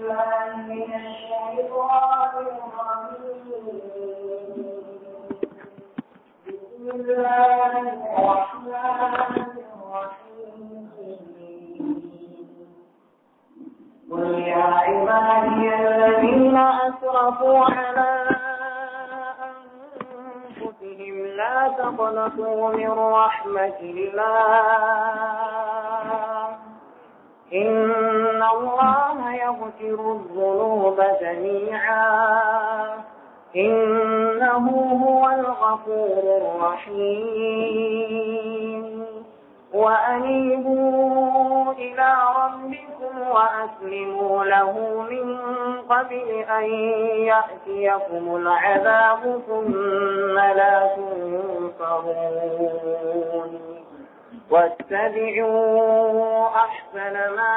بسم الله الرحمن الرحيم قل يا عبادي الذين أسرفوا على أنفسهم لا تقنطوا من رحمة الله إن الله يغفر الذنوب جميعا إنه هو الغفور الرحيم وأنيبوا إلى ربكم وأسلموا له من قبل أن يأتيكم العذاب ثم لا تنصرون واتبعوا أحسن ما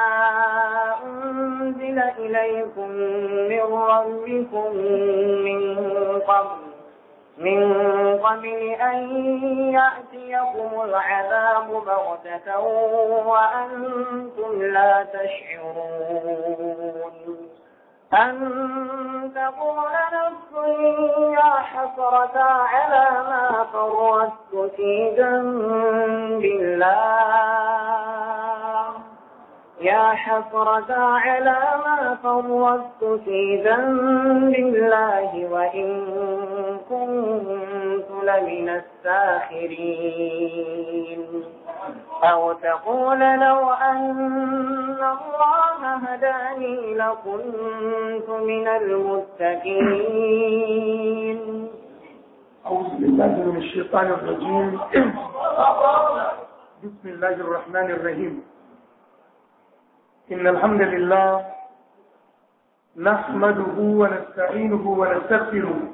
أنزل إليكم من ربكم من قبل من قبل أن يأتيكم العذاب بغتة وأنتم لا تشعرون أن تقول نفسي يا حسرة على ما فرست في جنب الله يا حسرة على ما فرست في ذنب الله وإن كنت لمن الساخرين أو تقول لو أن الله هداني لكنت من المتقين أعوذ بالله من الشيطان الرجيم بسم الله الرحمن الرحيم إن الحمد لله نحمده ونستعينه ونستغفره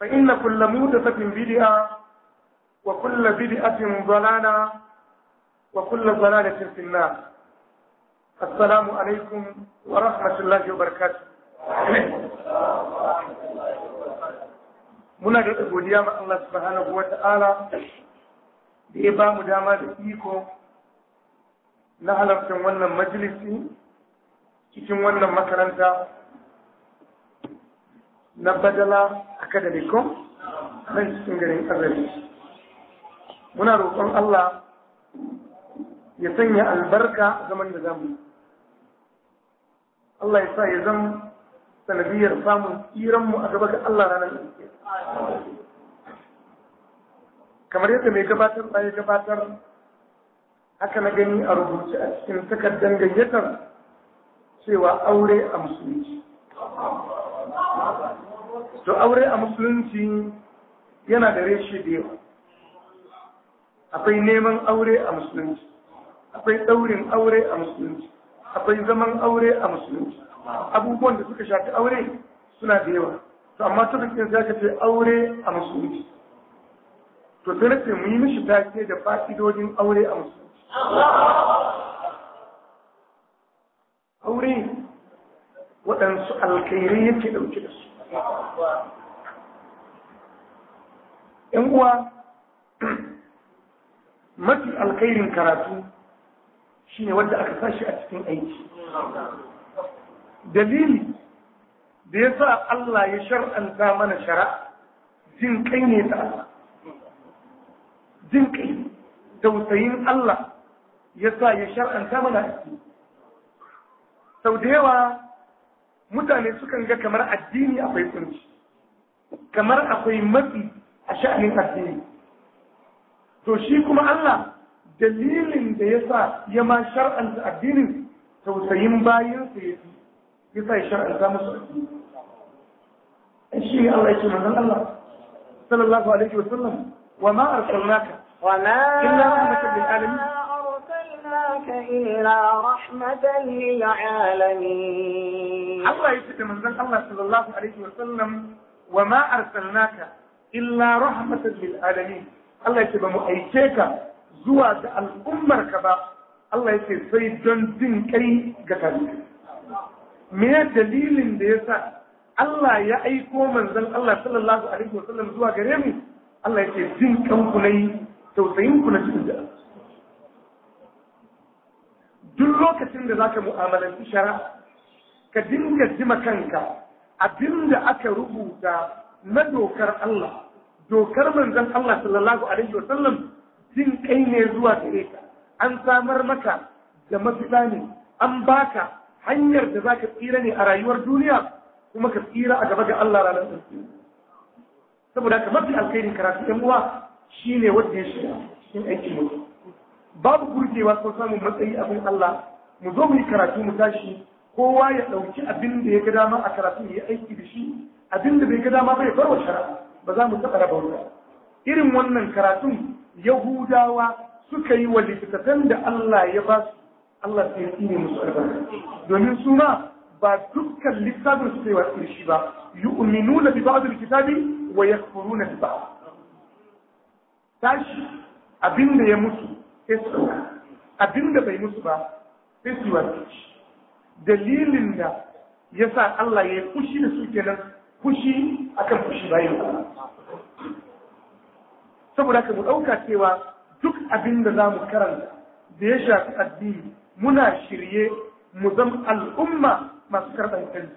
فإن كل محدثة بدعة وكل بدعة ضلالة وكل ضلالة في النار السلام عليكم ورحمة الله وبركاته muna da godiya ma Allah subhanahu wa ta'ala da ya ba mu dama da iko na halartar wannan majalisi cikin wannan makaranta na badala academic ko nan cikin garin azari muna roƙon Allah ya sanya albarka zaman da zamu Allah ya sa ya zama sanadiyar samun tsiranmu a gaba ga Allah ranar gaskiya kamar yadda mai gabatar ba ya gabatar haka na gani a rubuce a cikin takardar gayyatar cewa aure a musulunci to aure a musulunci yana da reshe da yawa akwai neman aure a musulunci akwai ɗaurin aure a musulunci akwai zaman aure a musulunci abubuwan da suka shafi aure suna da yawa to amma ta bikin za ka ce aure a musulunci to sai nace mu yi mishi take da fa'idodin aure a musulunci aure waɗansu alkairai yake ɗauke da su ‘yan uwa mafi alkhairin karatu shine ne wadda aka sashi a cikin aiki dalili da ya sa Allah ya shar'anta mana shara jin kai ne ta Allah jin kai tausayin Allah ya sa ya shar'anta mana aiki sau da yawa mutane sukan ga kamar addini akwai kunci kamar akwai matsi a sha'anin addini to shi kuma Allah dalilin da ya sa ya ma shar'anta addinin tausayin bayansa ya fi ya sa ya shar'anta musu addini shi ne Allah ya ce manzon Allah sallallahu alaihi wa sallam wa ma arsalnaka wa ma illa rahmatan ربك إلا رحمة للعالمين الله يسكت من ذن الله صلى الله عليه وسلم وما أرسلناك إلا رحمة للعالمين الله يسكت بمؤيتك زواج الأمة كبا الله يسكت سيدون دين كي قتلك من دليل ديسا الله يأيكو من ذن الله صلى الله عليه وسلم زواج ريمي الله يسكت دين كم كنين توسعين كنا جدا duk lokacin da zaka mu'amalanci shari'a ka dinga jima kanka abinda aka rubuta na dokar Allah dokar manzon Allah sallallahu alaihi wa sallam jin kai ne zuwa gare ka an samar maka da mafita ne an baka hanyar da zaka tsira ne a rayuwar duniya kuma ka tsira a gaba ga Allah ranar tsarki saboda ka mafi alkhairin karatu ɗan uwa shine wanda ya shiga cikin aikin mutum babu gurgewa ko samun matsayi abin Allah mu zo mu yi karatu mu tashi kowa ya ɗauki abin da ya ga dama a karatu ya aiki da shi abin da bai ga dama bai wa shari'a ba za mu taɓa raba wuta irin wannan karatun yahudawa suka yi wa littattafan da Allah ya ba su Allah sai ya tsine musu albarka domin su ma ba dukkan littafin su sai wa shi ba yu'minuna bi ba'd al-kitabi wa yakfuruna bi ba'd tashi abin da ya mutu sai bai musu ba sai su dalilin da ya sa Allah ya yi fushi da su kenan fushi akan fushi bayan saboda ka mu ɗauka cewa duk abin da za mu karanta da ya shafi addini muna shirye mu zama al'umma masu karɓar kanci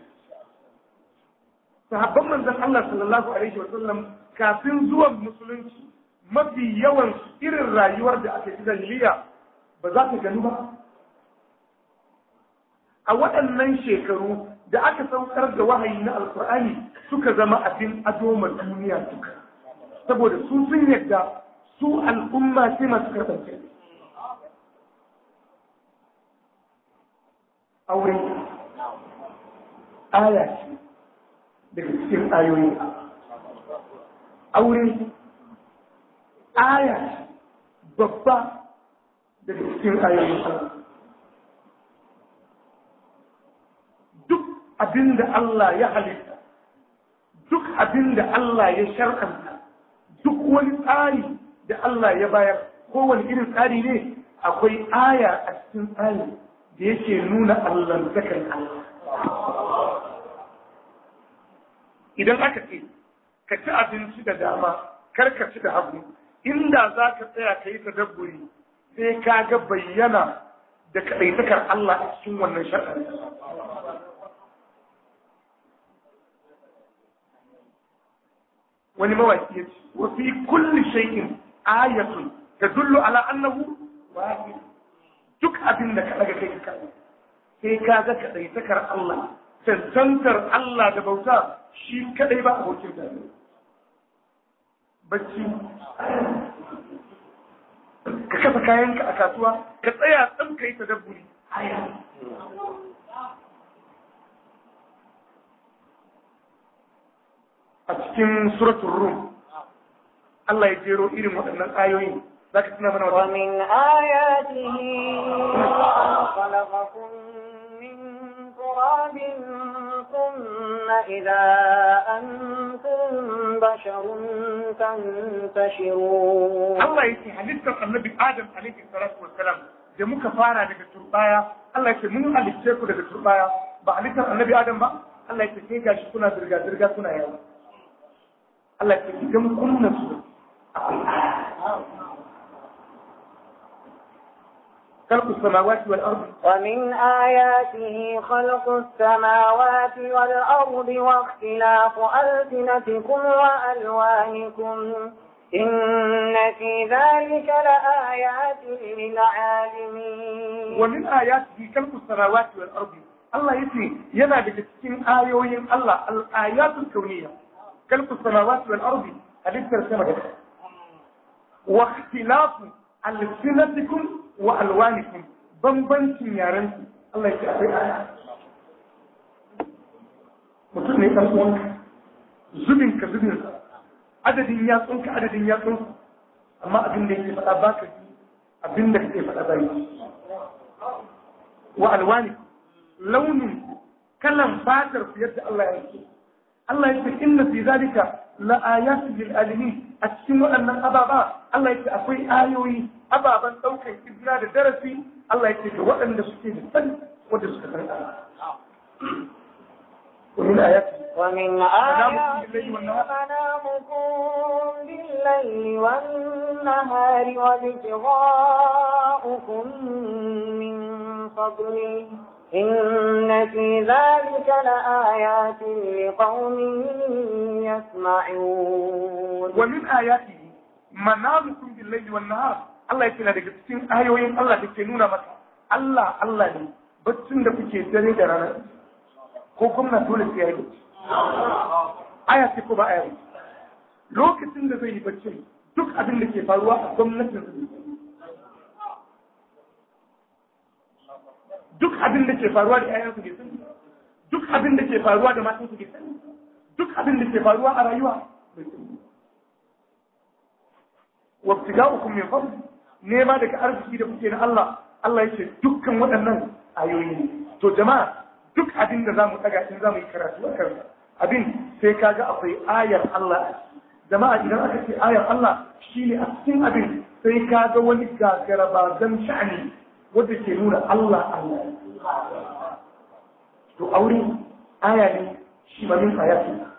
sahabban manzon Allah sallallahu alaihi wa sallam kafin zuwan musulunci mafi yawan irin rayuwar da aka ci jahiliya ba za ta gani ba a waɗannan shekaru da aka saukar da wahayi na alkur'ani suka zama abin ado ma duniya duka saboda su sun yadda su al'umma sai masu karɓance. aure aya ce daga cikin ayoyi aure aya babba daga cikin ayoyin Allah duk abinda Allah ya halitta duk abinda Allah ya shar'anta duk wani tsari da Allah ya bayar kowane irin tsari ne akwai aya a cikin tsari da yake nuna Allah zakar Allah idan aka ce ka ci abinci da dama kar ka ci da hagu inda za ka tsaya ka yi tadabburi sai ka ga bayyana da kaɗaitakar Allah a cikin wannan shaɗa. Wani mawaƙi ya ce, wa fi kulli shay'in ayatun dullo ala annahu wahid. Duk abin da ka daga kai ka sai ka ga kaɗaitakar Allah, tantantar Allah da bauta shi kaɗai ba abokin tare. bacci ka kafa kayanka a kasuwa ka tsaya tsan ka yi tadabburi a cikin suratun rum Allah ya jero irin waɗannan ayoyi za ka tuna mana wata min ayatihi ثم إذا أنتم بشر تنتشرون الله يسي حديثة النبي آدم عليه الصلاة والسلام da muka fara daga turbaya Allah yake mun halicce ku daga turbaya ba halittar annabi Adam ba Allah yake sai gashi kuna zirga zirga kuna yawa Allah yake idan kun خلق السماوات والأرض ومن آياته خلق السماوات والأرض واختلاف ألسنتكم وألوانكم إن في ذلك لآيات للعالمين ومن آياته خلق السماوات والأرض الله يسمي ينا بتسكين آيوين الله الآيات الكونية خلق السماوات والأرض هل السماوات واختلاف ألسنتكم wa alwanihim bambancin yaren su Allah ya ce akwai aya mutum ne dan uwanka zubin ka zubin adadin yatsun ka adadin yatsun amma abin da yake faɗa baka ji abin da kake faɗa bai wa alwanikum launin kalan fatar yadda Allah ya ce Allah ya ce inna fi zalika la ayatu lil alimin a cikin waɗannan ababa Allah ya ce akwai ayoyi ababen ɗaukar izina da darasi Allah ya ce ga waɗanda suke da sani wanda suka san ومن آياته ومن آيات منامكم بالليل والنهار وابتغاؤكم من فضله إن في ذلك لآيات لقوم يسمعون ومن آياته منامكم بالليل والنهار Allah ya ce daga cikin ayoyin Allah da ke nuna masa. Allah Allah ne baccin da kuke dare da rana ko kuma dole sai ya aya ce ko ba aya ce lokacin da zai yi baccin duk abin da ke faruwa a gwamnatin su duk abin da ke faruwa da 'ya'yansu bai sani duk abin da ke faruwa da matansu bai sani duk abin da ke faruwa a rayuwa wa sani min من nema daga arziki da kuke na Allah Allah ya ce dukkan waɗannan ayoyi ne to jama'a duk abin da zamu daga in zamu yi karatu a kan abin sai kaga akwai ayar Allah jama'a idan aka ce ayar Allah shine a cikin abin sai kaga wani gagara ba zan sha'ani wanda ke nuna Allah Allah to aure aya ne shi ba min ayati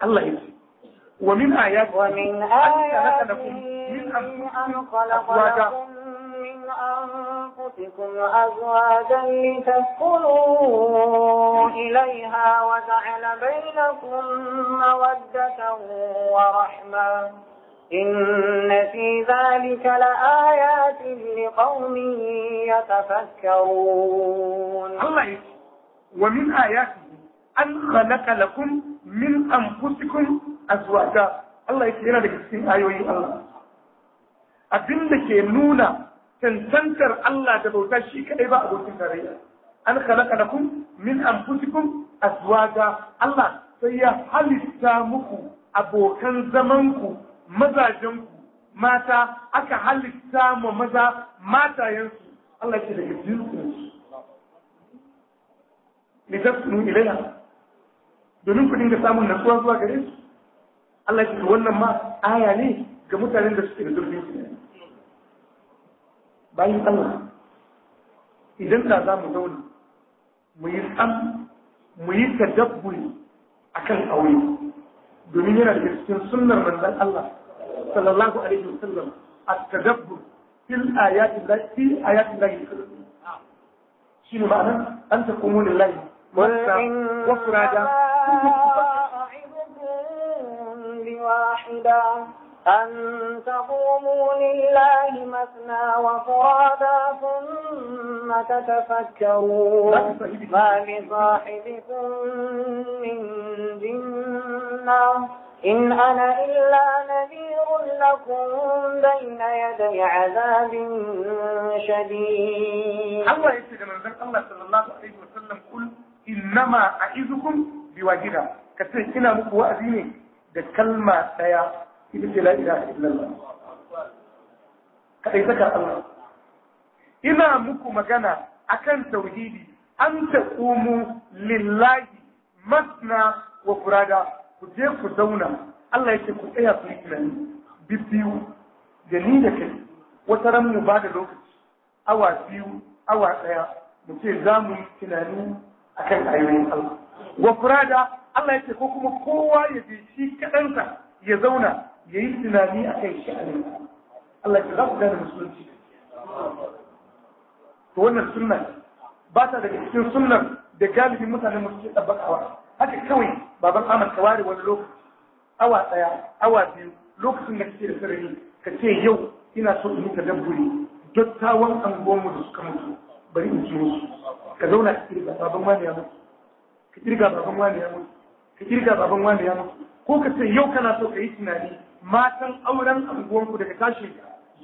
Allah ya ومن آياته ومن آياته أن خلق لكم من أنفسكم أزواجا لتسكنوا إليها وجعل بينكم مودة ورحمة إن في ذلك لآيات لقوم يتفكرون الله ومن آياته أن خلق لكم من أنفسكم azwaja Allah yake yana daga cikin ayoyin Allah abin da ke nuna tantantar Allah da bauta shi kadai ba abokin tarayya an khalaqa lakum min anfusikum azwaja Allah sai ya halitta muku abokan zamanku mazajenku mata aka halitta ma maza matayensu Allah yake daga jinsu litaskunu ilaiha domin ku dinga samun natsuwa zuwa gare su Allah ya ce wannan ma aya ne ga mutanen da suke da zurfin tunani bayan Allah idan da za mu zauna mu yi tsam mu yi tadabburi akan aure domin yana da cikin sunnar manzon Allah sallallahu alaihi wasallam at-tadabbur fil ayati allati ayati Shi ne ma'ana an takumu lillahi wa wa furada واحدا أن تقوموا لله مثنى وفرادا ثم تتفكروا ما بصاحبكم من جنة إن أنا إلا نذير لكم بين يدي عذاب شديد الله يسير من ذلك الله صلى الله عليه وسلم قل إنما أعيذكم بواجهة كثير إنا مكوأذيني da kalma ɗaya. ita ce illallah kaɗai saka Allah ina muku magana akan tauhidi an umu lillahi masna wa kuje ku je ku zauna Allah yake ku tsaya su yi tunani biyu da ni da kai wata ran mu ba da lokaci awa biyu awa ɗaya mu ce za mu yi tunani akan ayoyin Allah wa furada Allah ya ce ko kuma kowa ya je shi kaɗansa ya zauna ya yi tunani a kai shi Allah ya za ku musulunci to wannan sunna ba ta daga cikin sunnar da galibin mutanen mu suke tabbakawa haka kawai baban Ahmad ka ware wani lokaci awa ɗaya awa biyu lokacin da kake da sarari ka ce yau ina so in yi tawon dattawan anguwanmu da suka mutu bari in ji musu ka zauna ka kirga baban wani ya mutu ka kirga baban wani ya mutu ka kirga baban wani ya ko ka ce yau kana so ka yi tunani matan auren abubuwanku daga tashin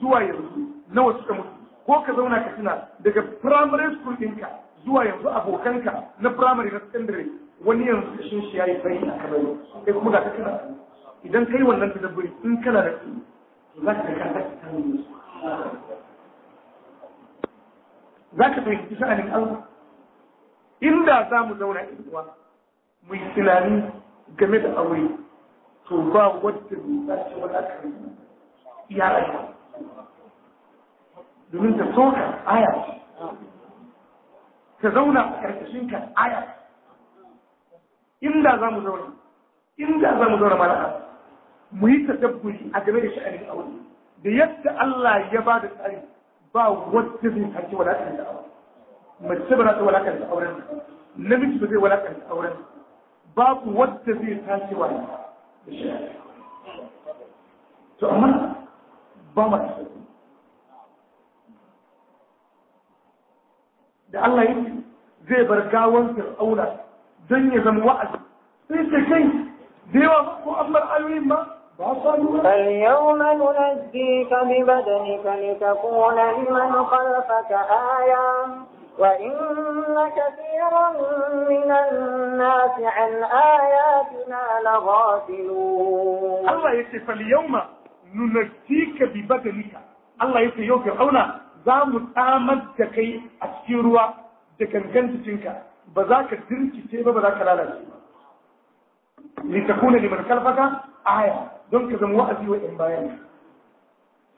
zuwa yanzu nawa suka mutu ko ka zauna ka tuna daga primary school ɗinka zuwa yanzu abokanka na primary na secondary wani yanzu kashin shi ya yi bayi a kamar kai kuma ga ka kana idan ka yi wannan tadabburi in kana da su za ka ga ka za ka fahimci sha'anin Allah inda za mu zauna in zuwa. mu tunani game da aure to ba wadda bai dace wani akari ya rayu domin ta soka aya ta zauna a ƙarƙashin ka aya inda za mu zauna inda za mu zauna mala'a mu yi ta dabbuli a game da sha'anin aure da yadda Allah ya ba da tsari ba wadda zai kaci wadatar da aure mace ba za ta wadatar da auren namiji ba zai wadatar da auren babu wadda zai tashi wa to amma ba ma da Allah yake zai bar gawan fir'auna don ya zama wa'azi sai ce kai da yawa ko an bar ayoyin ba فاليوم ننجيك ببدنك لتكون لمن خلفك آية وإن كثيرا من الناس عن آياتنا لغافلون الله يتفى اليوم ننجيك ببدنك الله يتفى يوم فرعون زام تامد تكي أسيروا دكنكن تتنك بذاك الدرس تيبا بذاك لا لتكون لمن خلفك آية دونك زم وأزي وإنبايان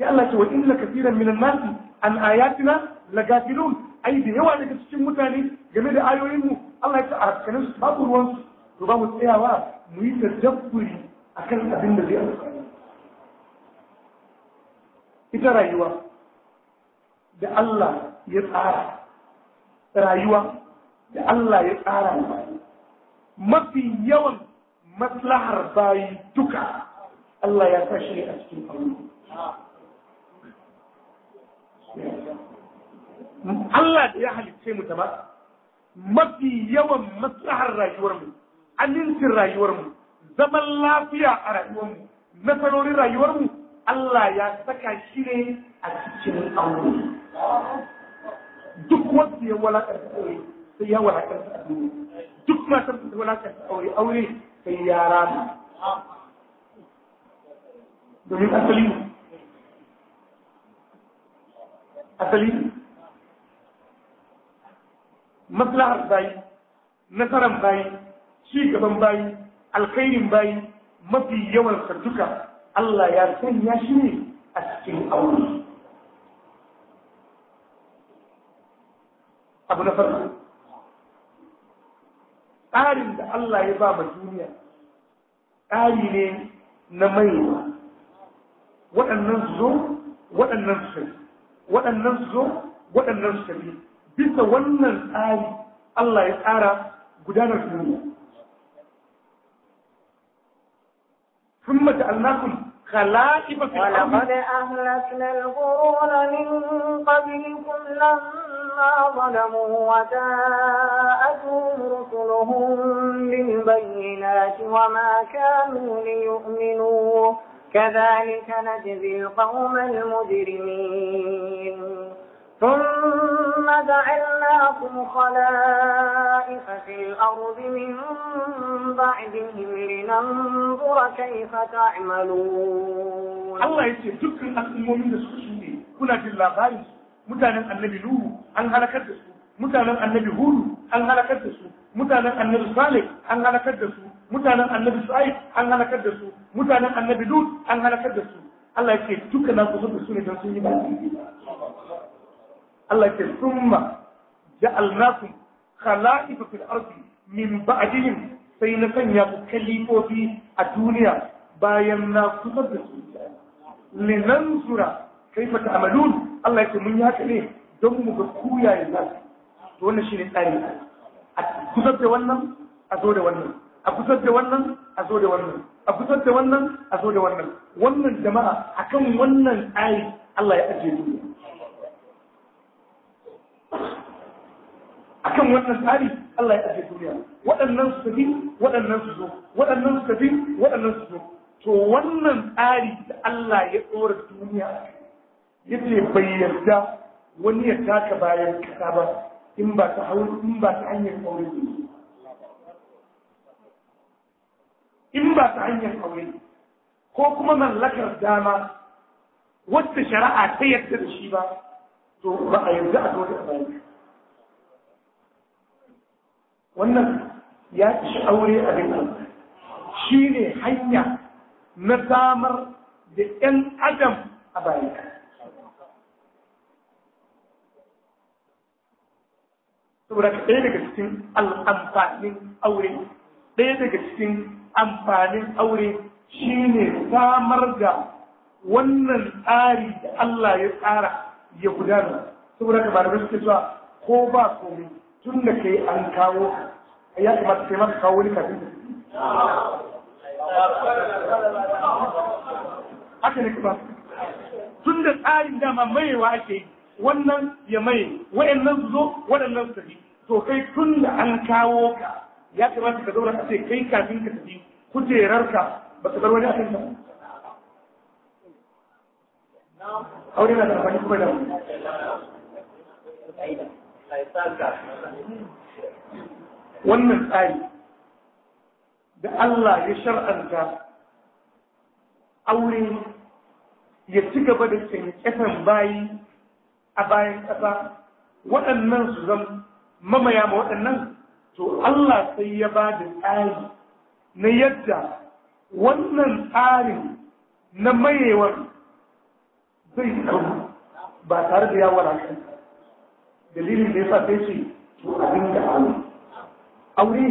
يا الله وإن كثيرا من الناس عن آياتنا lagafilun ai da yawa daga cikin mutane game da ayoyinmu Allah ya ce a su babu ruwansu to ba mu tsayawa mu yi tadabburi akan abin da zai amfani ita rayuwa da Allah ya tsara rayuwa da Allah ya tsara mafi yawan maslahar bayi duka Allah ya sa shi a cikin Allah. Allah da ya halicce mu ta ba mafi yawan maslahar rayuwarmu amincin rayuwarmu zaman lafiya a rayuwarmu nasarorin rayuwarmu Allah ya saka shi ne a cikin aure duk wanda ya walakar aure sai ya walakar aure duk matar da walakar aure aure sai ya rana. domin asali asali maslahar bayi nasaran bayi ci gaban bayi alkhairin bayi mafi yawan duka Allah ya sanya shi ne a cikin aure abu na farko tsarin da Allah ya ba ma duniya tsari ne na maiwa waɗannan su zo waɗannan su waɗannan su zo waɗannan su tafi bisa wannan tsari Allah ya tsara gudanar da duniya ثم جعلناكم خلائف في الأرض ولقد أهلكنا القرون من قبلكم لما ظلموا وجاءتهم رسلهم بالبينات وما كانوا ليؤمنوا كذلك نجزي القوم المجرمين ثم جعلناكم خلائف في الأرض من بعدهم لننظر كيف تعملون الله يسير ذكر الأمومين السوشيين كنا في اللغاية متانا النبي نور أن هلكت mutanen annabi hudu an halakar da su mutanen annabi salih an halakar da su mutanen annabi shu'aib an halakar da su mutanen annabi lut an halakar da su Allah ya ce duka na kusa da su ne don sun yi ba Allah ke summa ja'alnakum khala'ifa fil ardi min ba'dihim sai na sanya ku kalifofi a duniya bayan na kuma da su linansura kaifa ta'malun Allah ya ce mun yi haka ne don mu ga kuyayen nasu to wannan ne tsarin a kusar da wannan a zo da wannan a kusar da wannan a zo da wannan a kusar da wannan a zo da wannan wannan jama'a akan wannan tsari Allah ya ajiye duniya akan wannan tsari Allah ya ajiye duniya waɗannan su tafi waɗannan su zo waɗannan su tafi waɗannan su zo to wannan tsari da Allah ya tsora duniya ya ce bai yarda wani ya taka bayan kasa ba in ba ta in ba ta hanyar aure in ba ta hanyar aure ko kuma mallakar dama wacce shari'a ta yarda da shi ba to ba a yarda a zo da bayan wannan ya ci aure a amfani shi ne hanya na damar da 'yan adam a bayan saboda ka ɗaya daga cikin al'amfanin aure ɗaya daga cikin amfanin aure shi ne samar da wannan tsari da Allah ya tsara ya gudana saboda ka ba da suke zuwa ko ba komai tun da kai an kawo ya kamata kai maka kawo wani kafin haka ne kuma tun da tsarin dama maiwa ake wannan ya mai waɗannan su zo waɗannan su tafi to kai tun da an kawo ka ya kamata ka zauna ka ce kai kafin ka tafi kujerarka ba ka bar wani akan ka aure na da kuma da wannan tsari da Allah ya shar'anta aure ya ci gaba da kyankyasan bayi a bayan ƙasa waɗannan su zama mamaya ma waɗannan to Allah sai ya ba da tsari na yadda wannan tsarin na mayewar zai karu ba tare da yawon hankali dalilin da ya sa sai ce to a dinga aure aure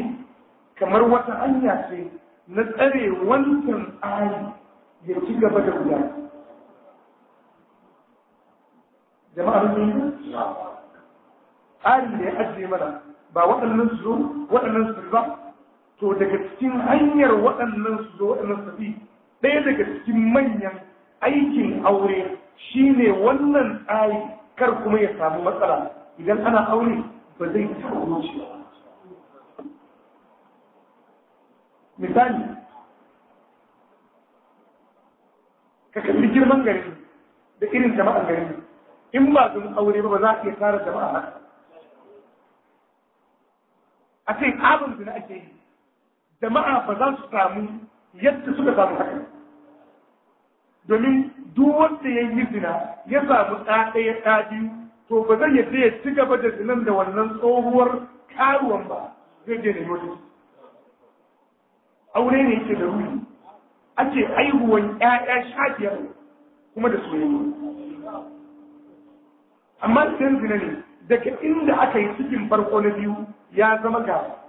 kamar wata hanya ce na tsare wancan tsari ya ci gaba da guda. jama'a mun yi tsari da ya ajiye mana ba waɗannan su zo waɗannan su ba to daga cikin hanyar waɗannan su zo waɗannan su bi ɗaya daga cikin manyan aikin aure shine wannan tsari kar kuma ya samu matsala idan ana aure ba zai taɓa zuciya misali ka kalli girman garin da irin jama'an garin in ba sun aure ba ba za a iya tsara jama'a ba. a ce abin zina ake yi jama'a ba za su samu yadda suka samu haka domin duk wanda ya yi zina ya samu ɗa ɗaya ɗa biyu to ba zai yadda ya ci gaba da zinan da wannan tsohuwar karuwan ba zai je nemi aure ne yake da ruhi ake haihuwan 'ya'ya sha biyar kuma da soyayya amma sun zina ne daga inda aka yi cikin farko na biyu ya zama gaba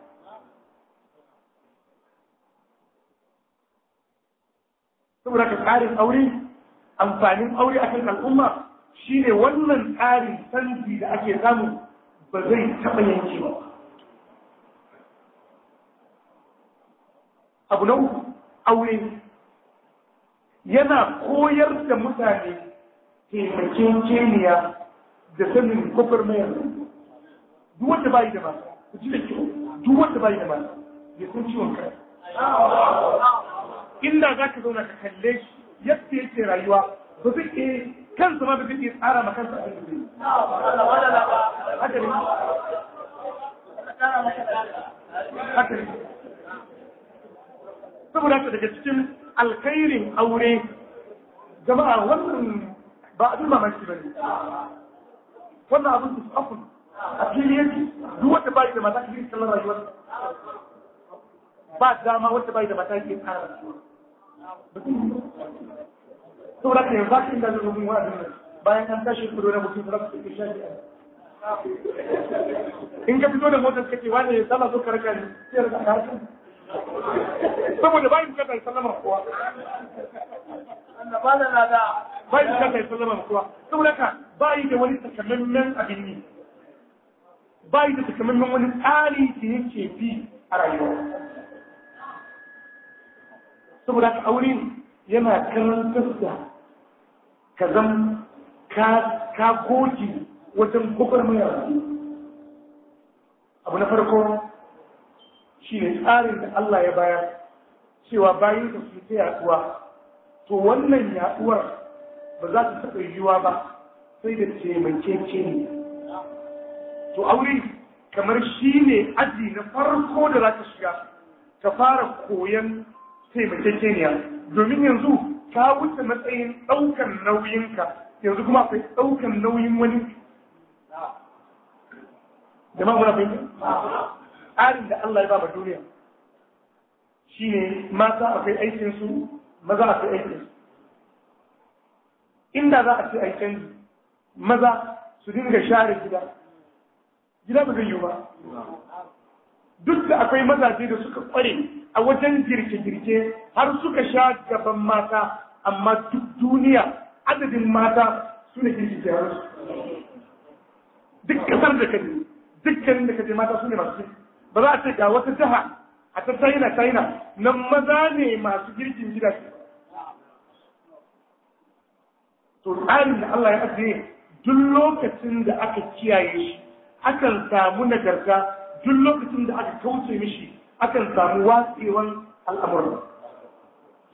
saboda ka karin aure amfanin aure a kan al'umma Shi ne wannan tsarin canji da ake samu ba zai taɓa yanki ba abu na uku aure yana koyar da mutane taimakon keniya da sanin kofar mayar duk wanda bayi da mata ku ji da kyau duk wanda bayi da mata ya san ciwon kai inda za ka zauna ka kalle shi yadda yake rayuwa ba zai kansu ma bikin tsara ma kansu a cikin haka ne haka ne saboda haka daga cikin alkhairin aure jama'a wannan ba abin mamaki ba ne wannan abin su afun a fili yake duk wata bayi da mata kiri sallar rayuwar ba dama wata bayi da mata kiri tsara rayuwar saboda ka yanzu ka inda zuwa mun bayan an tashi kudo na mutum za su fi shafi in ka fito da motar kace wani ya sallah zo karka ne sai ya rika harkar saboda bai bukatar sallama kowa annabala na da bai bukatar sallama kowa saboda ka bai da wani takamaiman abin ne bai da takamaiman wani tsari yake bi a rayuwa saboda ka aure yana karantar ka zan ka goge wajen gwagwarmayar abu na farko shi ne tsarin da Allah ya bayar cewa bayan ka su ta yaduwa to wannan yaduwar ba za ta taɓa yiwuwa ba sai da taimakeke ne to aure kamar shi ne aji na farko da za ta shiga ka fara koyon taimakekeniya domin yanzu ka wuce matsayin ɗaukan nauyinka yanzu kuma akwai ɗaukan nauyin wani da muna fahimta tsarin da Allah ya ba duniya shi ne mata akwai aikinsu maza akwai aikinsu inda za a ce a canji maza su dinga share gida gida ba zai yiwu ba duk da akwai mazaje da suka kware a wajen girke-girke har suka sha gaban mata amma duk duniya adadin mata su ne kishi ke yawon duk kasar da kaje dukkanin da kaje mata su ne masu ba za a ce ga wata jiha a ta china china nan maza ne masu girkin gidaje to tsarin da Allah ya ajiye duk lokacin da aka kiyaye shi akan samu nagarta duk lokacin da aka kauce mishi akan samu watsewan al'amuran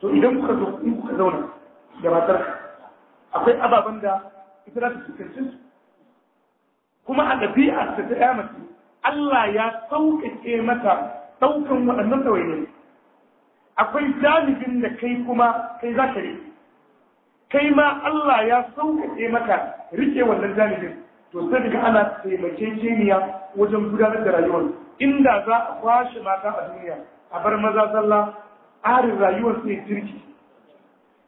to idan kuka zo in kuka zauna da matar akwai ababen da ita za ta fuskanci su kuma a ɗabi'a ta ta mace Allah ya sauƙaƙe mata ɗaukan waɗannan ɗawainai akwai jami'in da kai kuma kai za ka yi. kai ma Allah ya sauƙaƙe maka riƙe wannan jami'in, to sai daga ana taimakekeniya wajen gudanar da rayuwar inda za a kwashe mata a duniya a bar maza sallah tsarin rayuwar ne kirki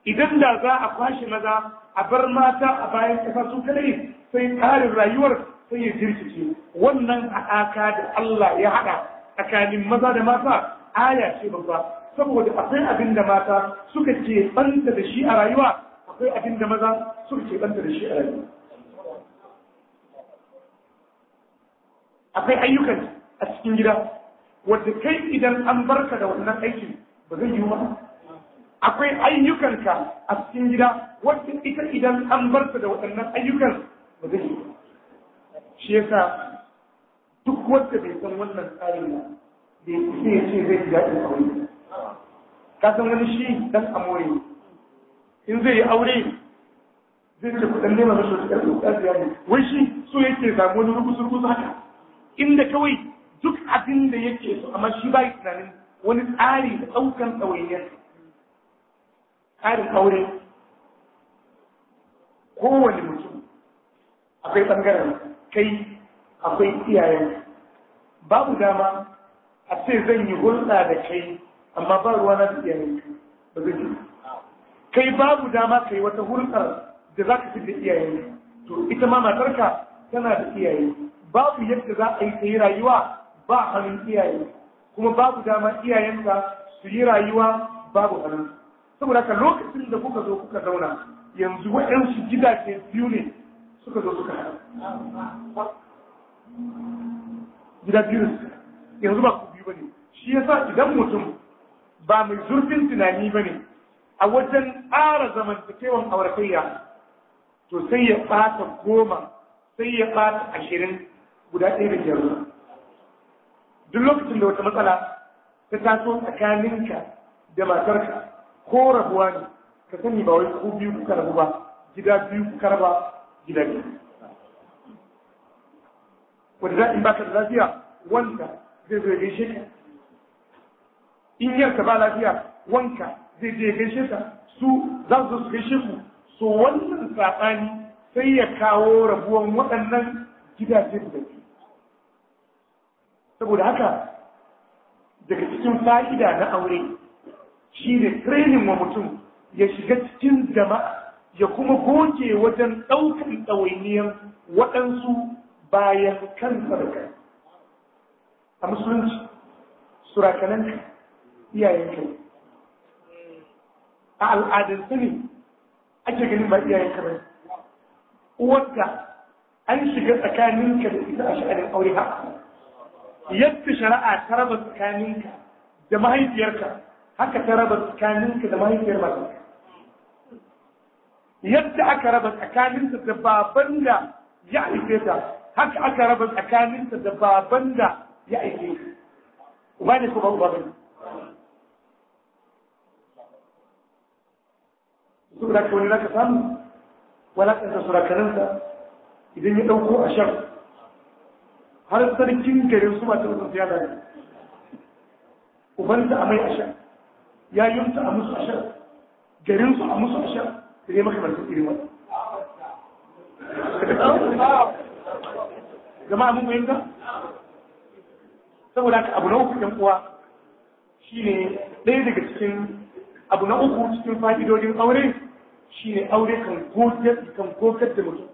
idan da za a kwashe maza a bar mata a bayan kasa su kadai sai tsarin rayuwar sai ya ce wannan haɗaka da Allah ya haɗa tsakanin maza da mata aya ce babba saboda akwai abin da mata suka ce banta da shi a rayuwa akwai abin da maza suka ce banta da shi a rayuwa akwai ayyukan a cikin gida wadda kai idan an barka da wannan aikin ba zai yiwu ba akwai ayyukanka a cikin gida wacce ita idan an bar da waɗannan ayyukan ba zai yiwu shi yasa duk wanda bai san wannan tsarin ba bai kusa ya ce zai gida in aure ka san wani shi dan amore in zai yi aure zai ce kuɗin nema mashi wata ƙarfi wata ƙarfi ne wai shi so yake ke wani rukusu rukusu haka inda kawai duk abin da yake so amma shi ba yi tunanin wani tsari da ɗaukan ɗawainiyar tsarin aure kowane mutum akwai ɓangaren kai akwai iyayen babu dama a ce zan yi hulɗa da kai amma ba ruwa na iyayen ba zai yi kai babu dama kai wata hulɗa da za ka fi da iyayen to ita ma matarka tana da iyaye babu yadda za a yi ta yi rayuwa ba hannun iyaye kuma babu dama iyayenka su yi rayuwa babu hannun saboda haka lokacin da kuka zo kuka zauna yanzu waɗansu gidaje biyu ne suka zo suka hannun gida biyu yanzu ba ku biyu ba ne shi ya sa idan mutum ba mai zurfin tunani ba ne a wajen ƙara zamantakewan auratayya to sai ya ɓata goma sai ya ɓata ashirin guda ɗaya da biyar duk lokacin da wata matsala ta taso tsakaninka da matarka ko rabuwa ne ka sani ba wai ko biyu kuka rabu ba gida biyu kuka raba gida biyu Wadda za in baka da lafiya wanka zai zo ya gaishe ka in yarka ba lafiya wanka zai je ya gaishe ka su za su zo su gaishe ku so wannan saɓani sai ya kawo rabuwan waɗannan gidaje da biyu saboda haka daga cikin fa'ida na aure shi ne training wa mutum ya shiga cikin jama'a ya kuma goge wajen ɗaukan ɗawainiyar waɗansu bayan kan da a musulunci surakananka iyayen kai a al'adar ne ake ganin ba iyayen ka wadda an shiga tsakaninka da ita a sha'anin aure haka yadda shari'a ta raba tsakaninka da mahaifiyarka haka ta raba tsakaninka da mahaifiyar matarka yadda aka raba tsakaninta da baban da ya haife ta haka aka raba tsakaninta da baban da ya haife ta uba ne ko ba uba bane su da ka wani zaka samu wala kan sura karanta idan ya dauko a shan har sarkin gari su masu wasan ya lari ubanta a mai ashar yi a musu ashar garinsu a musu ashar da maka makamantar irin wani gama abin mai ga saboda ka abu na uku ɗan uwa ne ɗaya daga cikin abu na uku cikin fa'idodin aure shi ne aure kan kokar da mutum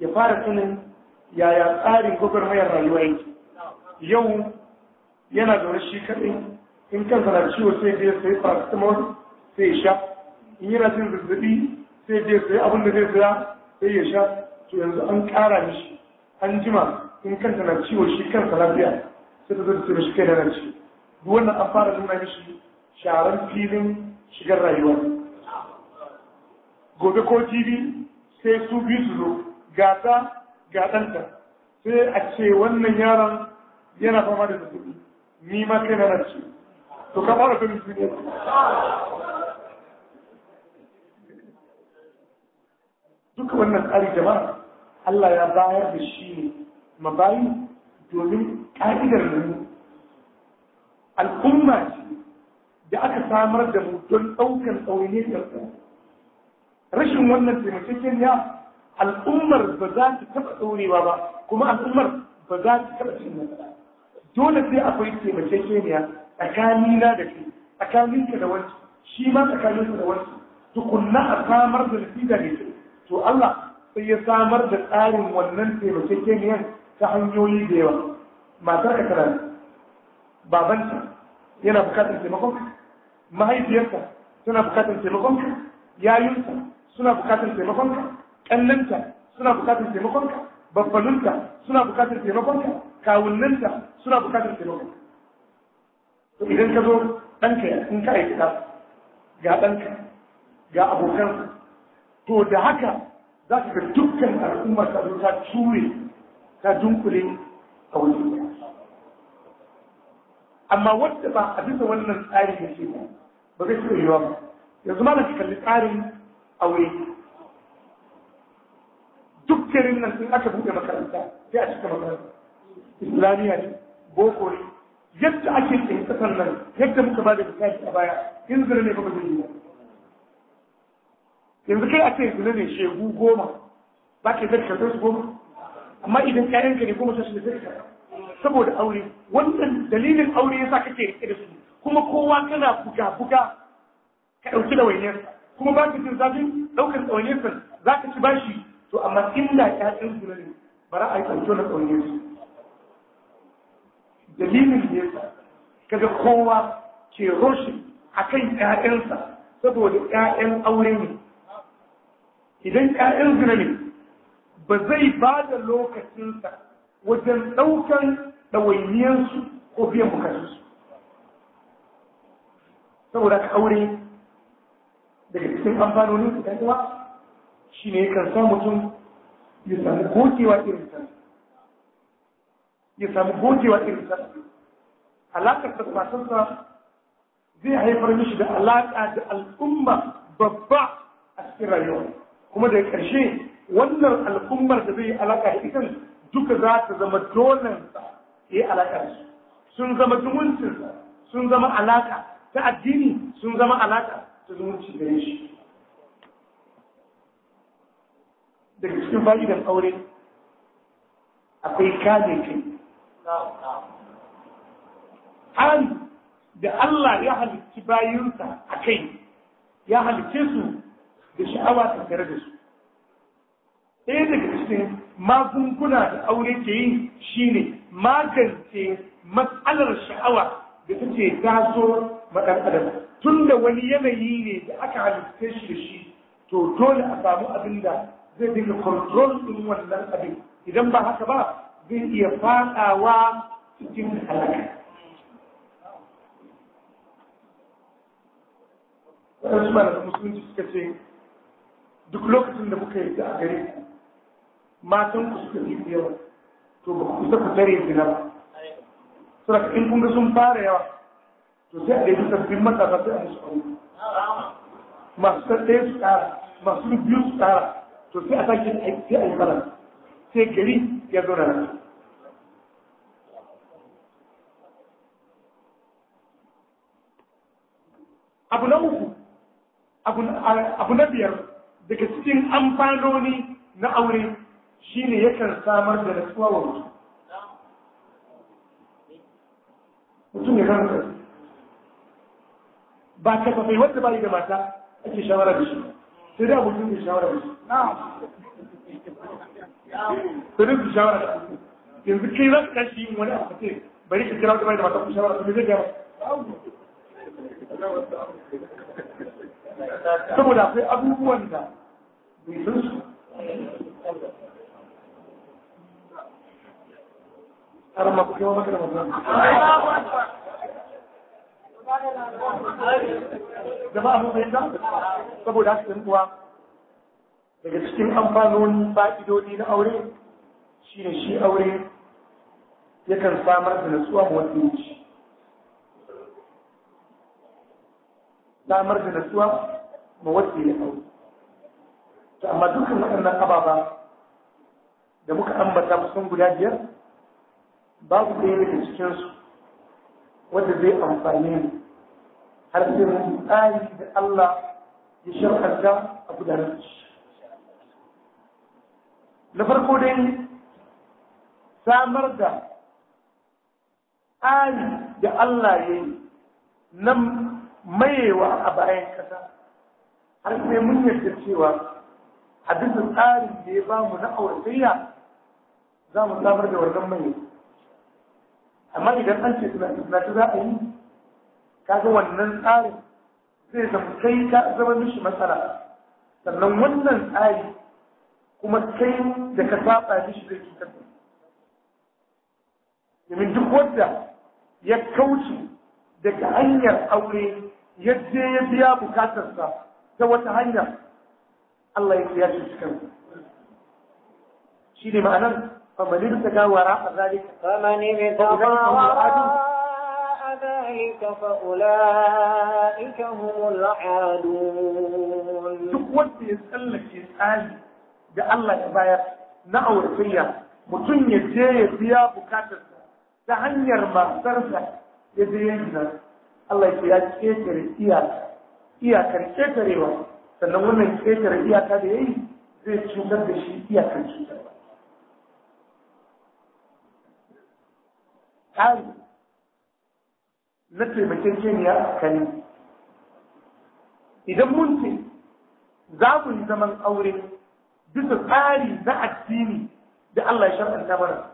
ya fara sanin yaya tsarin gwagwarmayar rayuwa yake yau yana da wani shi kaɗai in kansa na ciwo sai je sai paracetamol sai sha in yana jin zazzabi sai je sai abin da zai saya sai ya sha to yanzu an ƙara mishi an jima in kansa na ciwo shi kansa lafiya sai ta zai mishi kai na ci duk wannan an fara nuna mishi sharan filin shigar rayuwa gobe ko jibi sai su biyu su zo gasa ga ɗanta sai a ce wannan yaron yana fama da zazzabi ni ma kai na rance to ka fara sanin su ne duka wannan tsari jama'a Allah ya bayar da shi ne mabayi domin ƙa'idar mu al'umma ce da aka samar da mu don ɗaukar ɗauniyar rashin wannan taimakekeniya al'ummar ba za ta taɓa ɗorewa ba kuma al'ummar ba za ta taɓa cin nasara dole sai akwai taimakekeniya tsakanina da kai tsakaninka da wani shi ma tsakaninka da wani tukunna a samar da nasida ne to Allah sai ya samar da tsarin wannan taimakekeniyar ta hanyoyi da yawa matar ka tana babanta yana bukatar taimakon mahaifiyarsa tana bukatar taimakon yayinsa suna bukatar taimakon kallanta suna bukatar taimakonka babbaninta suna bukatar taimakonka kawunninta suna bukatar taimakonka idan ka zo ɗanka in ka aika ga ɗanka ga abokan to da haka za ka ga dukkan al'ummar ta zo ta ture ta dunkule a wuri amma wadda ba a bisa wannan tsarin ya ke ba zai yi yiwa ba yanzu ma na kalli tsarin aure duk garin nan in aka buɗe makaranta sai a cika makaranta islamiyya ne boko ne yadda ake tsaye kasan nan yadda muka ba da misali a baya in zira ne kuma zai yanzu kai a ce zira ne shegu goma ba ke zai karɓar su goma amma idan ka ne goma sai su zai saboda aure wannan dalilin aure yasa kake rike da su kuma kowa kana buga buga ka ɗauki ɗawainiyarsa kuma ba ka jin zafin ɗaukar ɗawainiyarsa za ka ci bashi to amma inda ƴaƴan su ne bara a yi kwanto na ƙauye su dalilin da yasa kaga kowa ke roshi akan ƴaƴansa saboda ƴaƴan aure ne idan ƴaƴan zina ne ba zai ba da lokacinsa wajen ɗaukan ɗawainiyarsu ko biyan bukatunsu saboda ka aure daga cikin amfanonin su ɗan uwa shi ne kan sa mutum ya samu gogewa irin ta ya samu gogewa irin ta alaƙar da zai haifar mishi da alaƙa da al'umma babba a cikin rayuwa kuma da ƙarshe wannan al'ummar da zai yi alaƙa da ita duka za ta zama dolensa ya yi alaƙa su sun zama zumuncinsa sun zama alaƙa ta addini sun zama alaƙa ta zumunci da shi daga cikin fa'idan aure akwai kame kai hali da Allah ya halicci bayinsa a kai ya halicce su da sha'awa tattare da su ɗaya daga cikin magunguna da aure ke yi ne magance matsalar sha'awa da ta ce taso maɗan tun da wani yanayi ne da aka halitta shi da shi to dole a samu abin da zai dinga control din wannan abin idan ba haka ba zai iya fadawa cikin halaka waɗansu malaman musulunci suka ce duk lokacin da muka yi a gare ku matan ku suka yi yawa to ba ku saka tare zina ba saboda in kun ga sun fara yawa to sai a ɗaya sabbin matasa sai a musu aure masu ɗaya su ƙara masu biyu su ƙara to sai a sake sai a yi sai gari ya zo da abu na uku abu na biyar daga cikin amfanoni na aure shine yakan samar da nasuwa wa mutum mutum ya ba kasafai wanda ba yi da mata ake shawara da shi sai da mutum ya shawara sai su shawara yanzu kai za ka tashi yin wani abu ce bari ka kira wata bai da mata ku shawara su zai gaba saboda akwai abubuwan da bai san su jama'a mun fahimta saboda haka ɗan uwa daga cikin amfanoni fa'idodi na aure shi ne shi aure yakan samar da natsuwa ma wasu ya ci samar da natsuwa ma wasu ya aure Ta amma dukkan waɗannan ababa da muka ambata kusan guda biyar babu ɗaya daga cikinsu wadda zai amfane mu har sai mun da Allah ya shar'anta a gudanar da shi na farko dai samar da tsari da Allah ya yi na mayewa a bayan kasa har sai mun yarda cewa a bisa tsarin da ya bamu na auratayya za mu samar da wannan maye amma idan an ce suna tunatu za a yi kaga wannan tsarin zai zama kai ka zama mishi matsala sannan wannan tsari kuma kai da ka saba mishi zai cutar da domin duk wanda ya kauce daga hanyar aure ya ya biya bukatarsa ta wata hanya Allah ya biya shi cikin shi ne ma'anar famalin ta gawara a zalika ذلك فأولئك هم العادون duk wanda ya tsallake tsari ga Allah ya bayar na auratayya mutum ya je ya biya bukatarsa ta hanyar matarsa ya je ya gina Allah ya ketare iyaka iyakar ketarewa sannan wannan ketare iyaka da ya yi zai cutar da shi iyakar cutarwa. na taimakekeniya Kani. idan mun ce za mu yi zaman aure bisa tsari na addini da Allah ya shar'anta mana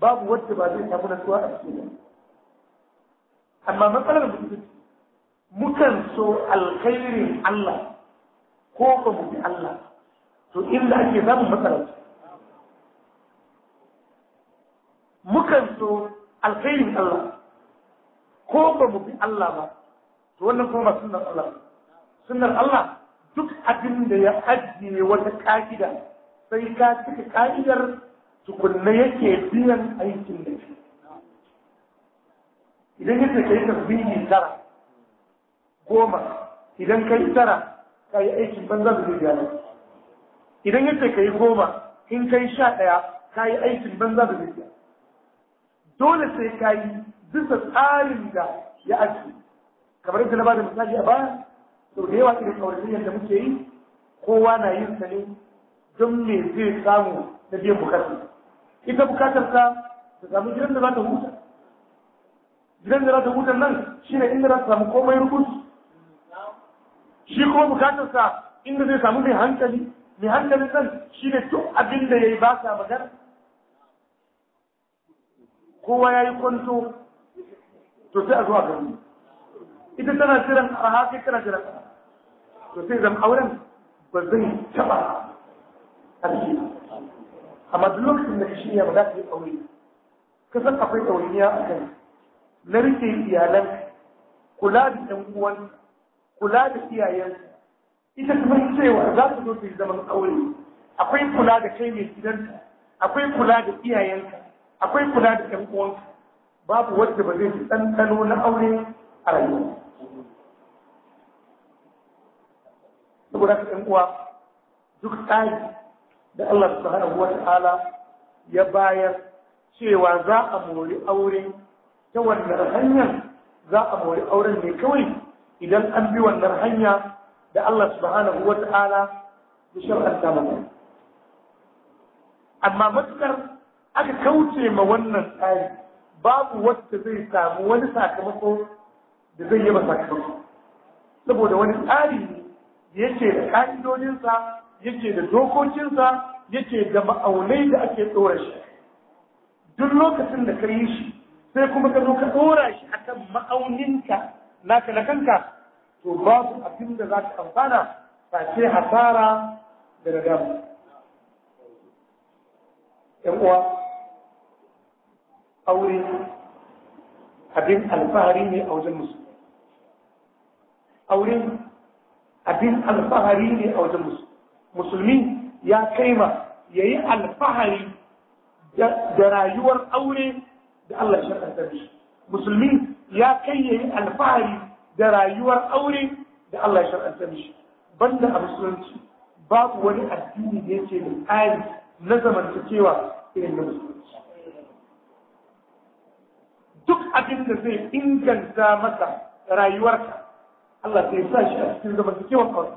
babu wacce ba zai samu nasuwa a cikin amma matsalar mutum mukan so alkhairin Allah ko ba mu bi Allah to inda ake samun matsalar mukan so alkhairin Allah ko ba mu bi Allah ba to wannan kuma ba sunnar Allah sunnar Allah duk abin da ya ajiye wata ka'ida sai ka cika ka'idar tukunna yake biyan aikin da shi idan yake kai tasbihi tara goma idan kai tara ka yi aikin banza da zai gane idan yake kai goma in kai sha ɗaya ka yi aikin banza da zai dole sai ka yi bisa tsarin da ya aji kamar yadda na ba da misali a baya sau da yawa irin kawarniyar da muke yi kowa na yin sa ne don me zai samu na biyan bukatu ita bukatar ta ta samu gidan da za ta huta gidan da za ta huta nan ne inda za ta samu komai rubutu shi kuma bukatar sa inda zai samu mai hankali mai hankalin nan ne duk abin da ya yi ba sa magana kowa ya yi kwanto to sai a zuwa ga ita tana jiran arha kai tana jiran arha to sai zan auren ba zai taba a amma duk lokacin da shi ya ba za ka yi aure ka san akwai ɗawainiya a kai na rike iyalan kula da ɗan uwan kula da iyayen ita kuma cewa za ta zo ta yi zaman aure akwai kula da kai mai gidanta akwai kula da iyayenka akwai kula da ɗan uwanka babu wacce ba zai ji ɗanɗano na aure a rayuwa saboda ka ɗan uwa duk tsari da Allah subhanahu Ta'ala ya bayar cewa za a mori aure ta wannan hanyar za a mori auren ne kawai idan an bi wannan hanya da Allah subhanahu Ta'ala ya shar'anta mana amma matukar aka kauce ma wannan tsari babu wanda zai samu wani sakamako da zai yi sakamako saboda wani tsari yake da ƙa'idodinsa yake da dokokinsa yake da ma'aunai da ake tsora shi duk lokacin da ka yi shi sai kuma ka zo ka tsora shi kan ma'auninka naka na kanka to babu abin da za ka amfana face hasara da nadamu. ‘Yan uwa, او أبين الفهري او زي المسلم او ابن الفهريني او زي المسلم مسلمين يا كيما يي الفهري درايور اوري ده الله شرع تبش مسلمين يا كي يي الفهري درايور اوري ده الله شرع تبش بند ابو سلمتي باب ولي الدين يجي من ايه نزمن تكيوا الى المسلم duk abin da zai inganta masa rayuwarka Allah sai sa shi a cikin zamantakewar kawai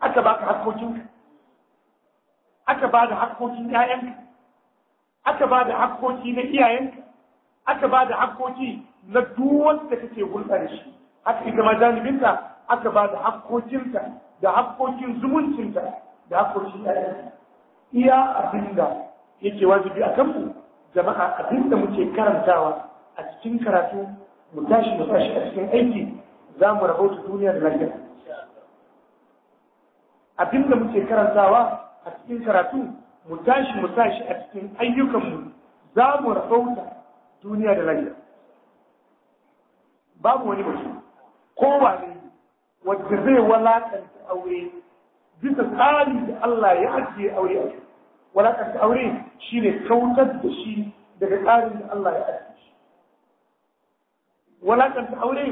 aka ba ka hakkokinka aka ba da hakkokin ‘ya'yanka aka ba da hakkoki na iyayenka aka ba da hakkoki na duwan da kake hulɗa da shi haka ita ma janibinta aka ba da hakkokinta da hakkokin zumuncinta da hakkokin ‘ya'yanka iya abin da yake wajibi a kanmu jama'a a abinda muke karantawa a cikin karatu mu tashi mu tashi a cikin aiki za mu rahoto duniya da lafiya A abinda muke karantawa a cikin karatu mu tashi mu tashi a cikin ayyukanmu za mu rahoto duniya da lafiya babu wani mutum kowa ne wadda zai walakanta aure bisa tsari da Allah ya ajiye aure a walakar aure shi ne kautar da shi daga tsarin da Allah ya aiki shi walakar aure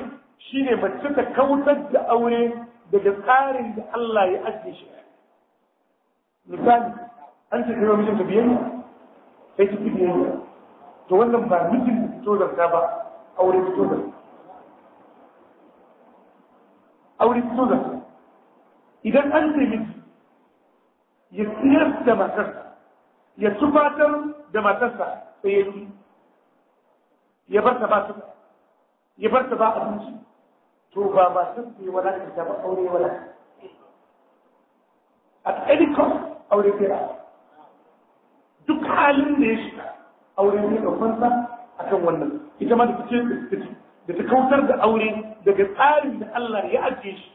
shi ne mace ta kautar da aure daga tsarin da Allah ya aiki shi misali an ce kai mijin ta biyayya sai ta fi biyayya to wannan ba mijin da fito zarta ba aure fito zarta aure fito zarta idan an ce miji ya siyar da matarsa ya tufatar da matarsa sai ya yi ya bar ta ba su ya bar ta ba abinci to ba ba sun fi wala ta ba aure wala at any cost aure kira duk halin da ya shiga aure ne da kwansa akan wannan ita ma da take da ta kautar da aure daga tsarin da Allah ya ajiye shi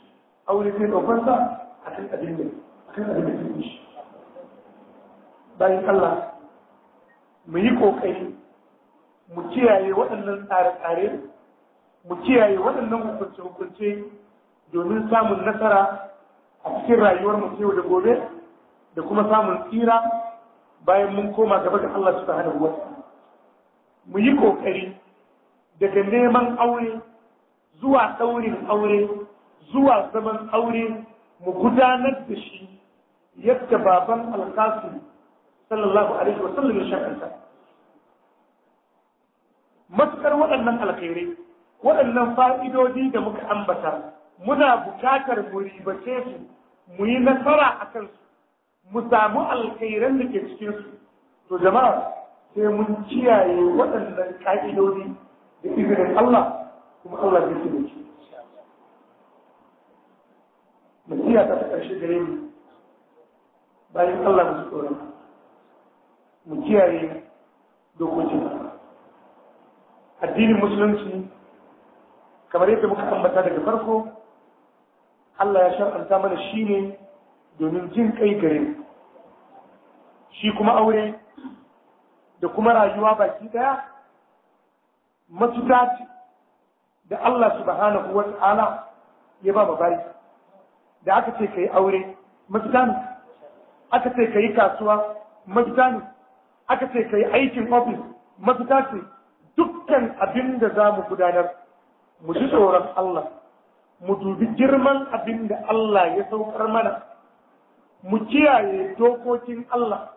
aure ne da kwansa akan abin da akan abin da shi bayan Allah mu yi ƙoƙari mu kiyaye waɗannan tsare-tsare mu kiyaye waɗannan hukunce-hukunce domin samun nasara a cikin rayuwar mu yau da gobe da kuma samun tsira bayan mun koma gaba ga Allah hana mu yi ƙoƙari daga neman aure zuwa ɗaurin aure zuwa zaman aure mu gudanar da shi yadda baban alkasiri sallallahu alaihi wa sallam ya shakanta matukar waɗannan alkhairai waɗannan fa'idodi da muka ambata muna buƙatar mu ribace su mu yi nasara a kansu mu samu alkhairan da ke cikin to jama'a sai mun kiyaye waɗannan ƙa'idodi da izinin Allah kuma Allah zai su da shi nasiha ta ta ƙarshe gare bayan Allah musu tsoron mu kiyaye dokokin addinin musulunci kamar yadda muka ambata daga farko Allah ya shar'anta mana shi ne domin jin kai gare shi kuma aure da kuma rayuwa baki daya matuta ce da Allah subhanahu wa ta'ala ya ba bayi da aka ce ka yi aure matuta ne aka ce ka yi kasuwa matuta ne aka ce kai aikin ofis mafita ce dukkan abin da za mu gudanar mu ji tsoron Allah mu dubi girman abin da Allah ya saukar mana mu kiyaye dokokin Allah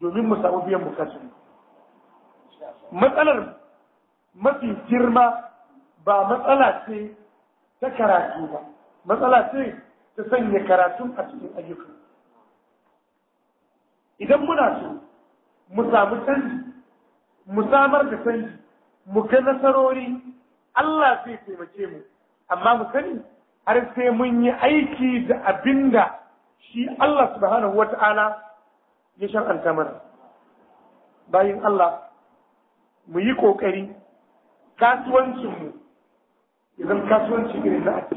domin mu samu biyan bukatun matsalar mafi girma ba matsala ce ta karatu ba matsala ce ta sanya karatun a cikin ayyuka idan muna so mu samu canji mu samar da canji mu ga nasarori Allah zai taimake mu amma mu sani har sai mun yi aiki da abinda shi Allah subhanahu wata'ala ya shar'anta mana bayan Allah mu yi ƙoƙari kasuwancinmu idan kasuwanci irin na ake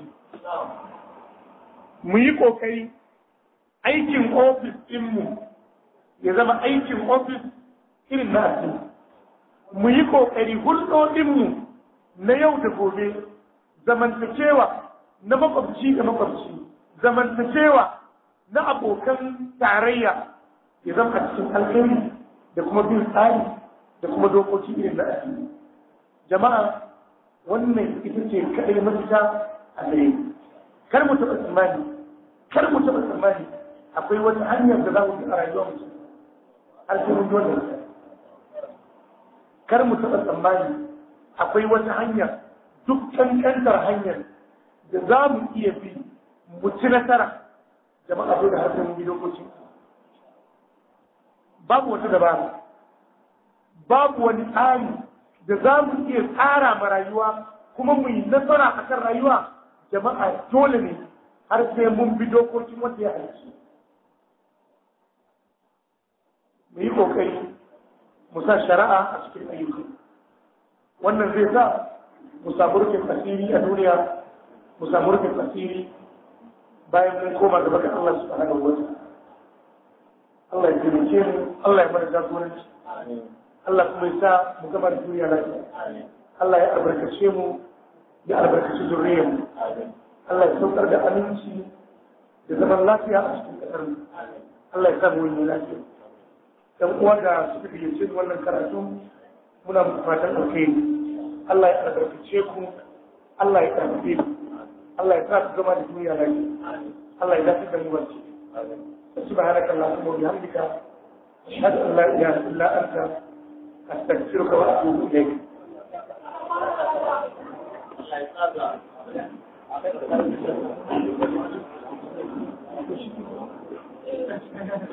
mu yi ƙoƙari aikin ofis ɗinmu ya zama aikin ofis irin na addini mu yi kokari hulɗoɗinmu na yau da gobe zamantakewa na makwabci da makwabci zamantakewa na abokan tarayya ya zama a cikin alkhairi da kuma bin tsari da kuma dokoki irin na addini jama'a wannan ita ce kaɗai mafita a tsaye kar mu taɓa tsammani kar mu taɓa tsammani akwai wata hanyar da za mu bi a rayuwa mutum har dole kar mu taɓa tsammani akwai wata hanya duk cancantar hanyar da za mu iya bi mu ci nasara jama'a dole har sai mun bi dokokin babu wata dabara babu wani tsari da za mu iya tsara ma rayuwa kuma mu yi nasara a kan rayuwa jama'a dole ne har sai mun bi dokokin wanda ya halice mu yi kokari mu sa shari'a a cikin ayyuka wannan zai sa mu samu rufin a duniya mu samu rufin bayan mun koma gaba ga Allah subhanahu wa ta'ala Allah ya jirage mu Allah ya mana jagoranci Allah kuma ya sa mu gaba da duniya lafiya Allah ya albarkace mu ya albarkace zuriyar mu Allah ya saukar da aminci da zaman lafiya a cikin ƙasar mu Allah ya sa mu yi lafiya dan uwa da suka gayyace da wannan karatu muna fatan alheri Allah ya albarkace ku Allah ya karfafe Allah ya sa zama da duniya lafi Allah ya dace da mu wacce سبحانك اللهم وبحمدك أشهد أن لا إله إلا أنت أستغفرك Thank you.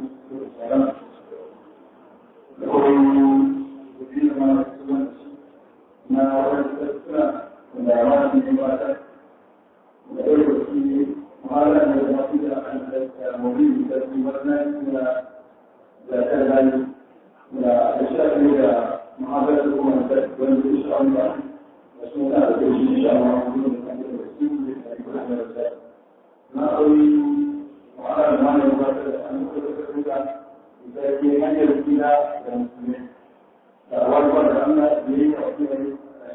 da wani wanda an na da yi a cikin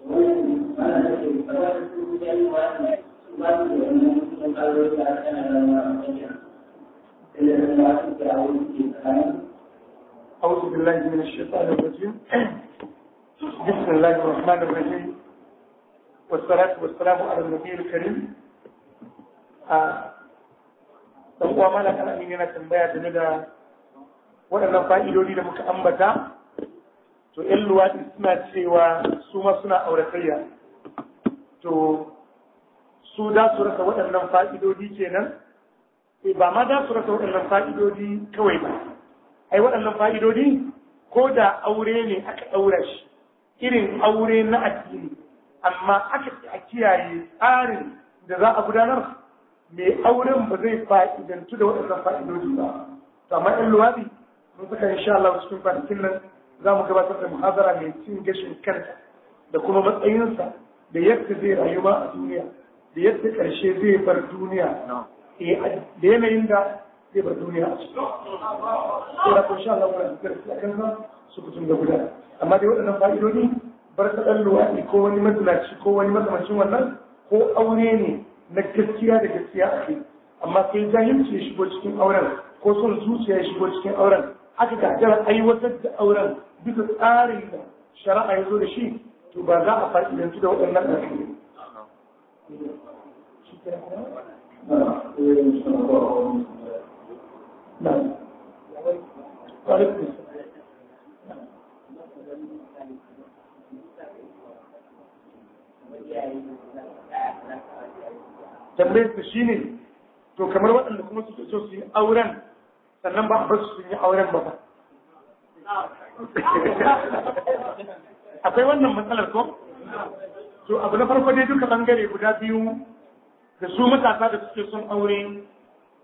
أعوذ بالله من الشيطان الرجيم بسم الله الرحمن الرحيم والصلاة والسلام على النبي الكريم dan uwa malaka na yana tambaya game da waɗannan fa'idodi da muka ambata to ƴan luwaɗi suna cewa su ma suna auratayya to su da su rasa waɗannan fa'idodi kenan eh, ba ma da su rasa waɗannan fa'idodi kawai ba ai waɗannan fa'idodi ko da aure ne aka ɗaura shi irin aure na addini amma aka a kiyaye tsarin da za a gudanar mai auren ba zai fa'idantu da waɗannan fa'idodi ba to amma ‘yan luwaɗi mun suka insha Allah cikin kwanakin nan za mu gabatar da muhazara mai cin gashin kanta da kuma matsayinsa da yadda zai rayu ba a duniya da yadda ƙarshe zai bar duniya eh, da yanayin da zai bar duniya a ciki. Ko da kunsha Allah wani garfi a kansa su kutum da guda. Amma dai waɗannan fa'idodi bar ta ɗan luwaɗi ko wani mazinaci ko wani matsamancin wannan ko aure ne na gaskiya da gaskiya a kai. Amma sai jahilci ya shigo cikin auren ko son zuciya ya shigo cikin auren aka gagara aiwatar da auren bisa tsarin da shari'a ya zo da shi to ba za a fa'idantu da waɗannan ɗarfi tambayar shi ne to kamar waɗanda kuma suke so su yi auren sannan ba a bar su yi auren ba ba akwai wannan matsalar ko to abu na farko dai duka bangare guda biyu da su matasa da suke son aure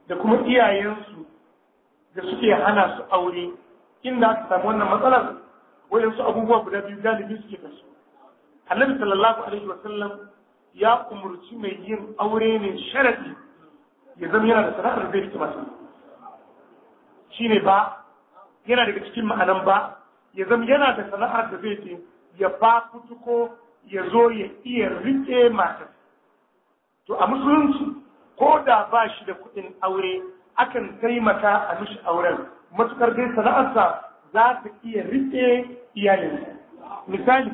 da kuma iyayensu da suke hana su aure inda aka samu wannan matsalar waɗansu abubuwa guda biyu galibi suke da su annabi sallallahu alaihi wasallam ya umurci mai yin aure ne sharadi ya zama yana da sana'ar zai rike masa shine ba yana daga cikin ma'anan ba ya zama yana da sana'ar da zai ce ya ba ko ya zo ya iya riƙe matar to a musulunci ko da ba shi da kuɗin aure akan taimaka a mishi auren matukar dai sana'arsa za ta iya riƙe iyalinsa misali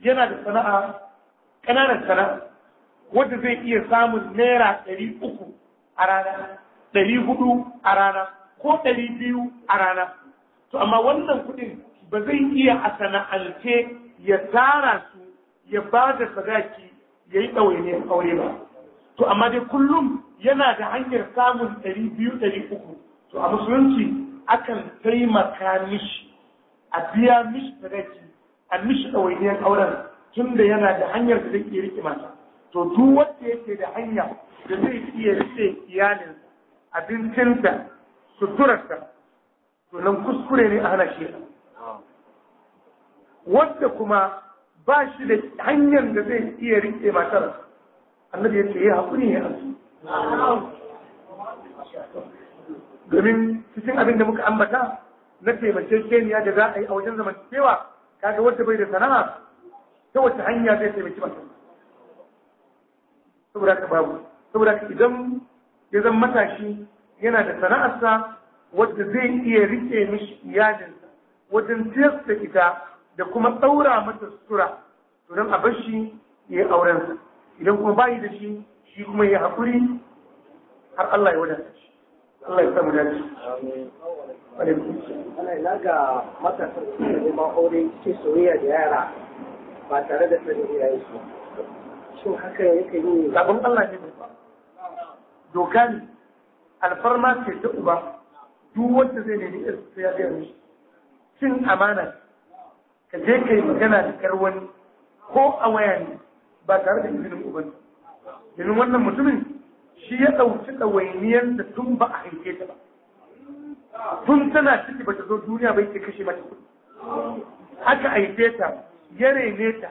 yana da sana'a ƙananan sana'a wadda zai iya samun naira ɗari uku a rana ɗari hudu a rana ko ɗari biyu a rana to amma wannan kuɗin ba zai iya a sana'ance ya tara su ya ba da sadaki ya yi ɗawainiyar aure ba to amma dai kullum yana da hanyar samun ɗari biyu ɗari uku to a musulunci akan taimaka mishi a biya mishi sadaki a mishi ɗawainiyar auren tun da yana da hanyar da zai iya mata to duk wanda yake da hanya da zai iya rike iyalinsa Abincinta suturarta to nan kuskure ne a hana shi wadda kuma ba shi da hanyar da zai iya rike matar annabi ya ce ya haƙuri ya asu domin cikin abin da muka ambata na taimakekeniya da za a yi a wajen cewa, kaga wanda bai da sana'a ta wace hanya zai taimaki mata saboda ka babu saboda ka idan ya zan matashi yana da sana'arsa wadda zai iya rike mishi iyalinsa wajen tiyasta ita da kuma ɗaura mata sutura to don a bashi ya yi aurensa idan kuma bayi da shi shi kuma ya haƙuri har Allah ya wadanta shi Allah ya samu dace ana ina ga matasan da neman aure cikin soyayya da yara ba tare da sanin iyayensu shin haka yake yi sabon Allah ne ba doka ne alfarma ce ta uba duk wanda zai nemi irin sai ya gaya mishi cin amana ka je kai magana da karwani ko a waya ne ba tare da izinin uba ne domin wannan mutumin shi ya ɗauki ɗawainiyar da tun ba a haife ta ba tun tana ciki ba ta zo duniya ba yake kashe mata kuɗi a haife ta ya rene ta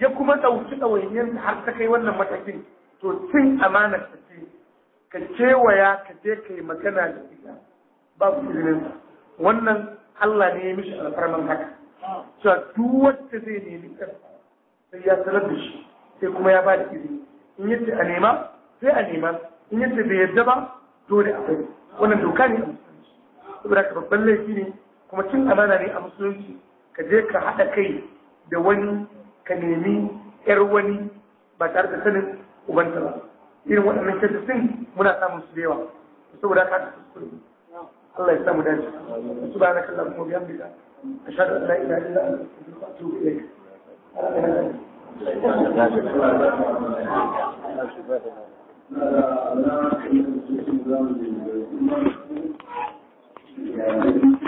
ya kuma ɗauki ɗawainiyar har ta kai wannan matakin to cin amanar ka ce ka kewaya ka je ka yi magana da ita babu ilimin wannan Allah ne ya mishi alfarman haka cewa duk wacce zai nemi ƙarfa sai ya sanar da shi sai kuma ya ba da izini in yace a nema sai a nema in yace bai yadda ba dole a bari wannan doka ne a musulunci saboda ka babban laifi ne kuma cin amana ne a musulunci ka je ka haɗa kai da wani ka nemi 'yar wani ba tare da sanin ubanta ba irin waɗannan kyaututun muna samun su da yawa saboda haka ta kuskure Allah ya samu dace subhanaka allahumma wa bihamdika ashhadu an la ilaha illa anta astaghfiruka wa atubu ilayk yi you.